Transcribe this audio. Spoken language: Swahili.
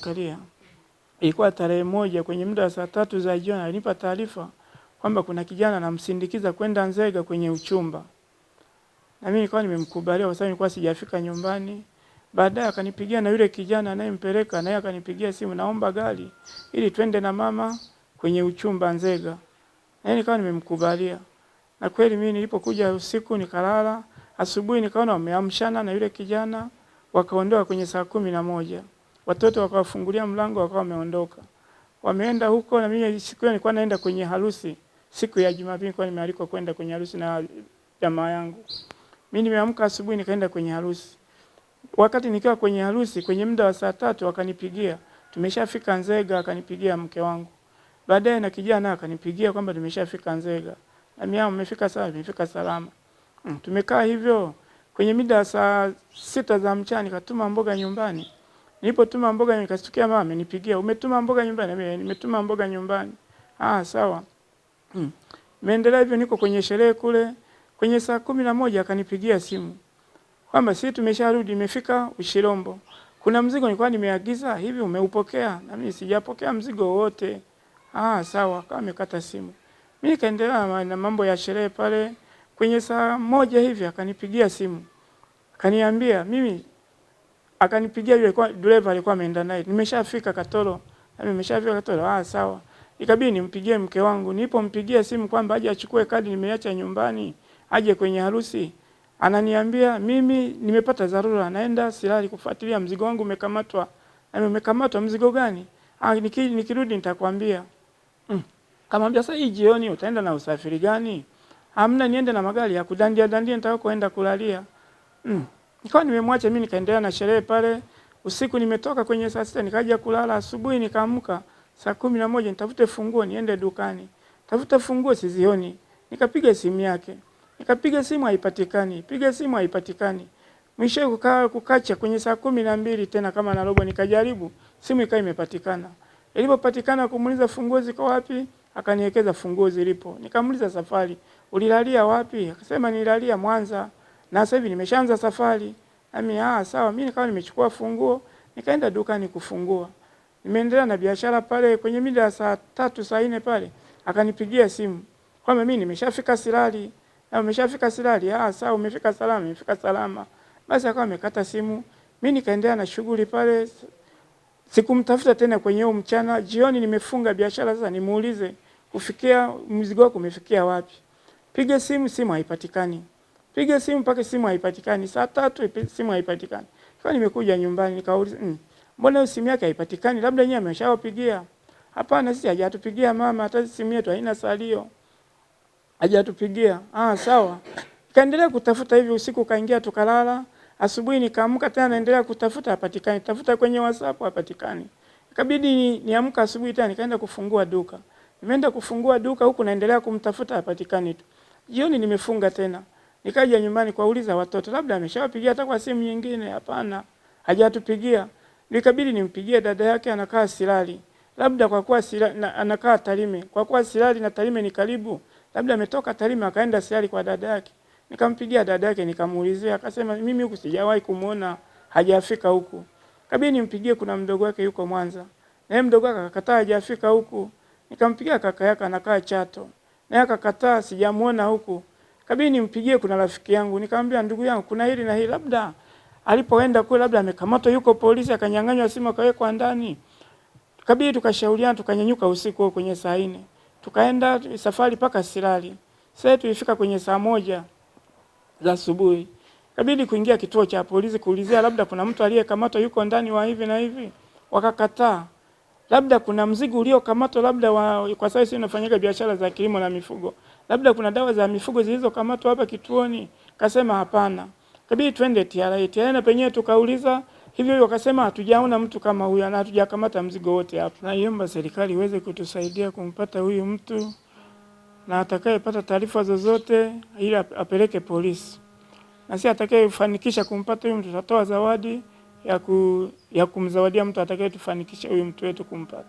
Zakaria. Ilikuwa tarehe moja kwenye muda wa saa tatu za jioni, alinipa taarifa kwamba kuna kijana anamsindikiza kwenda Nzega kwenye uchumba, na mimi nilikuwa nimemkubalia kwa sababu nilikuwa sijafika nyumbani. Baadaye akanipigia na yule kijana anayempeleka naye akanipigia simu, naomba gari ili twende na mama kwenye uchumba Nzega, na nikawa nimemkubalia. Na kweli mimi nilipokuja usiku nikalala, asubuhi nikaona wameamshana na yule kijana wakaondoka kwenye saa kumi na moja watoto wakawafungulia mlango wakawa wameondoka, wameenda huko. Na mimi siku hiyo nilikuwa naenda kwenye harusi, siku ya Jumapili nilikuwa nimealikwa kwenda kwenye harusi na jamaa yangu. Mimi nimeamka asubuhi nikaenda kwenye harusi. Wakati nikiwa kwenye harusi, kwenye muda wa saa tatu wakanipigia, tumeshafika Nzega. Akanipigia mke wangu baadaye, na kijana akanipigia kwamba tumeshafika Nzega, na mimi nimefika sawa, nimefika salama. Mm, tumekaa hivyo kwenye mida saa sita za mchana, nikatuma mboga nyumbani Nilipotuma mboga nikashtukia mama amenipigia, umetuma mboga nyumbani? Mimi nimetuma mboga nyumbani. Ah, sawa. Hmm. Meendelea hivyo, niko kwenye sherehe kule. Kwenye saa kumi na moja akanipigia simu kwamba sisi tumesharudi, imefika Ushirombo. Kuna mzigo nilikuwa nimeagiza hivi, umeupokea? Na mimi sijapokea mzigo wote. Ah, sawa. Kama amekata simu, mimi kaendelea na mambo ya sherehe pale. Kwenye saa moja hivi akanipigia simu, akaniambia mimi akanipigia yule kwa driver alikuwa ameenda naye, nimeshafika Katoro, nimeshafika Katoro. Ah, sawa. Ikabidi nimpigie mke wangu, nilipompigia simu kwamba aje achukue kadi nimeacha nyumbani, aje kwenye harusi, ananiambia mimi nimepata dharura, naenda silali kufuatilia mzigo wangu umekamatwa. Umekamatwa mzigo gani? Ah, nikirudi niki, nitakwambia. Mm. Kamwambia sasa, hii jioni utaenda na usafiri gani? Hamna, niende na magari ya kudandia dandia nitakokoenda kulalia. Mm nikawa nimemwacha mimi, nikaendelea na sherehe pale. Usiku nimetoka kwenye saa sita nikaja kulala, asubuhi nikaamka saa kumi na moja nitafute funguo niende dukani, tafuta funguo sizioni, nikapiga simu yake, nikapiga simu haipatikani, piga simu haipatikani. Mwisho kukaa kukacha kwenye saa kumi na mbili tena kama na robo, nikajaribu simu ikawa imepatikana. Ilipopatikana kumuuliza funguo ziko wapi, akaniwekeza funguo zilipo. Nikamuuliza safari, ulilalia wapi? Akasema nilalia Mwanza na sasa hivi nimeshaanza safari. Ami, ah, sawa. Mimi nikawa nimechukua funguo nikaenda dukani kufungua, nimeendelea na biashara pale. Kwenye mida ya saa tatu saa nne pale akanipigia simu kwamba mimi nimeshafika Silali na umeshafika Silali. Ah, sawa, umefika salama? Umefika salama. Basi akawa amekata simu, mimi nikaendelea na shughuli pale. Sikumtafuta tena kwenye huo mchana. Jioni nimefunga biashara sasa, nimuulize kufikia mzigo wako umefikia wapi? Piga simu, simu haipatikani. Piga simu mpaka simu haipatikani. Saa tatu simu haipatikani. Kwa nimekuja nyumbani nikauliza, mm, mbona simu yake haipatikani? Labda yeye ameshawapigia. Hapana, sisi hajatupigia mama, hata simu yetu haina salio. Hajatupigia. Ah, sawa. Kaendelea kutafuta hivi, usiku kaingia tukalala. Asubuhi nikaamka tena naendelea kutafuta, hapatikani. Tafuta kwenye WhatsApp hapatikani. Ikabidi niamka ni asubuhi tena nikaenda kufungua duka. Nimeenda kufungua duka huku naendelea kumtafuta hapatikani tu. Jioni nimefunga tena. Nikaja nyumbani kuwauliza watoto, labda ameshawapigia hata kwa simu nyingine. Hapana, hajatupigia. Nikabidi nimpigie dada yake, anakaa Silali, labda kwa kuwa Silali anakaa Tarime, kwa kuwa Silali na Tarime ni karibu, labda ametoka Tarime akaenda Silali kwa dada yake. Nikampigia dada yake nikamuulizia, akasema mimi huku sijawahi kumuona, hajafika huku. Kabidi nimpigie, kuna mdogo wake yuko Mwanza, na yeye mdogo wake akakataa, hajafika huku. Nikampigia kaka yake anakaa Chato, naye akakataa, sijamuona huku kabidi nimpigie, kuna rafiki yangu. Nikamwambia, ndugu yangu, kuna hili na hili, labda alipoenda kule, labda amekamatwa, yuko polisi, akanyang'anywa simu, akawekwa ndani. Kabidi tukashauriana, tukanyanyuka usiku huo kwenye saa nne tukaenda safari mpaka Silali. Sasa tulifika kwenye saa moja za asubuhi, kabidi kuingia kituo cha polisi kuulizia, labda kuna mtu aliyekamatwa yuko ndani wa hivi na hivi, wakakataa labda kuna mzigo uliokamatwa, labda wa, kwa sababu sisi tunafanyaga biashara za kilimo na mifugo labda kuna dawa za mifugo zilizokamatwa hapa kituoni? Kasema hapana, kabidi twende TRA. TRA na penyewe tukauliza hivyo hivyo, akasema hatujaona mtu kama huyu na hatujakamata mzigo wote hapa. Naiomba serikali iweze kutusaidia kumpata huyu mtu, na atakayepata taarifa zozote ili apeleke polisi, na si atakayefanikisha kumpata huyu mtu tutatoa zawadi ya, ku, ya kumzawadia mtu atakayetufanikisha huyu mtu wetu kumpata.